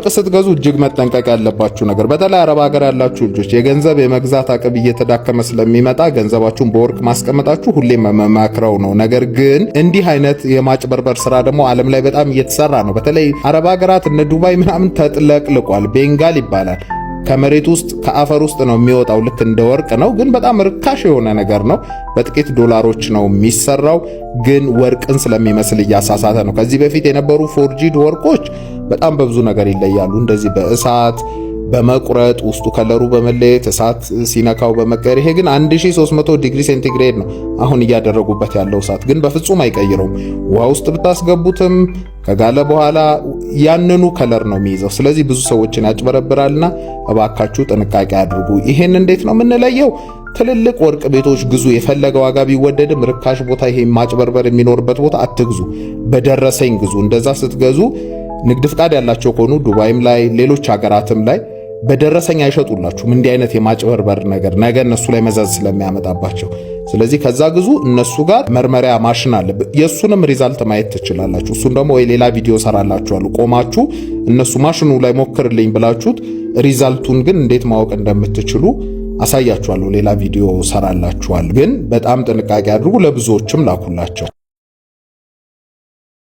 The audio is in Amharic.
ወጥ ስትገዙ እጅግ መጠንቀቅ ያለባችሁ ነገር በተለይ አረብ ሀገር ያላችሁ ልጆች የገንዘብ የመግዛት አቅም እየተዳከመ ስለሚመጣ ገንዘባችሁን በወርቅ ማስቀመጣችሁ ሁሌም መመክረው ነው። ነገር ግን እንዲህ አይነት የማጭበርበር ስራ ደግሞ ዓለም ላይ በጣም እየተሰራ ነው። በተለይ አረብ ሀገራት እነ ዱባይ ምናምን ተጥለቅልቋል። ቤንጋል ይባላል። ከመሬት ውስጥ ከአፈር ውስጥ ነው የሚወጣው። ልክ እንደ ወርቅ ነው፣ ግን በጣም ርካሽ የሆነ ነገር ነው። በጥቂት ዶላሮች ነው የሚሰራው፣ ግን ወርቅን ስለሚመስል እያሳሳተ ነው። ከዚህ በፊት የነበሩ ፎርጂድ ወርቆች በጣም በብዙ ነገር ይለያሉ። እንደዚህ በእሳት በመቁረጥ ውስጡ ከለሩ በመለየት እሳት ሲነካው በመቀየር። ይሄ ግን 1300 ዲግሪ ሴንቲግሬድ ነው አሁን እያደረጉበት ያለው እሳት ግን በፍጹም አይቀይረውም። ውሃ ውስጥ ብታስገቡትም ከጋለ በኋላ ያንኑ ከለር ነው የሚይዘው። ስለዚህ ብዙ ሰዎችን ያጭበረብራልና እባካችሁ ጥንቃቄ አድርጉ። ይሄን እንዴት ነው የምንለየው? ትልልቅ ወርቅ ቤቶች ግዙ። የፈለገ ዋጋ ቢወደድም ርካሽ ቦታ፣ ይሄ ማጭበርበር የሚኖርበት ቦታ አትግዙ። በደረሰኝ ግዙ። እንደዛ ስትገዙ ንግድ ፍቃድ ያላቸው ከሆኑ ዱባይም ላይ ሌሎች ሀገራትም ላይ በደረሰኝ አይሸጡላችሁም። እንዲህ አይነት የማጭበርበር ነገር ነገ እነሱ ላይ መዘዝ ስለሚያመጣባቸው ስለዚህ ከዛ ግዙ። እነሱ ጋር መርመሪያ ማሽን አለ። የእሱንም ሪዛልት ማየት ትችላላችሁ። እሱን ደግሞ ሌላ ቪዲዮ ሰራላችኋሉ። ቆማችሁ እነሱ ማሽኑ ላይ ሞክርልኝ ብላችሁት ሪዛልቱን ግን እንዴት ማወቅ እንደምትችሉ አሳያችኋለሁ። ሌላ ቪዲዮ ሰራላችኋል። ግን በጣም ጥንቃቄ አድርጉ። ለብዙዎችም ላኩላቸው።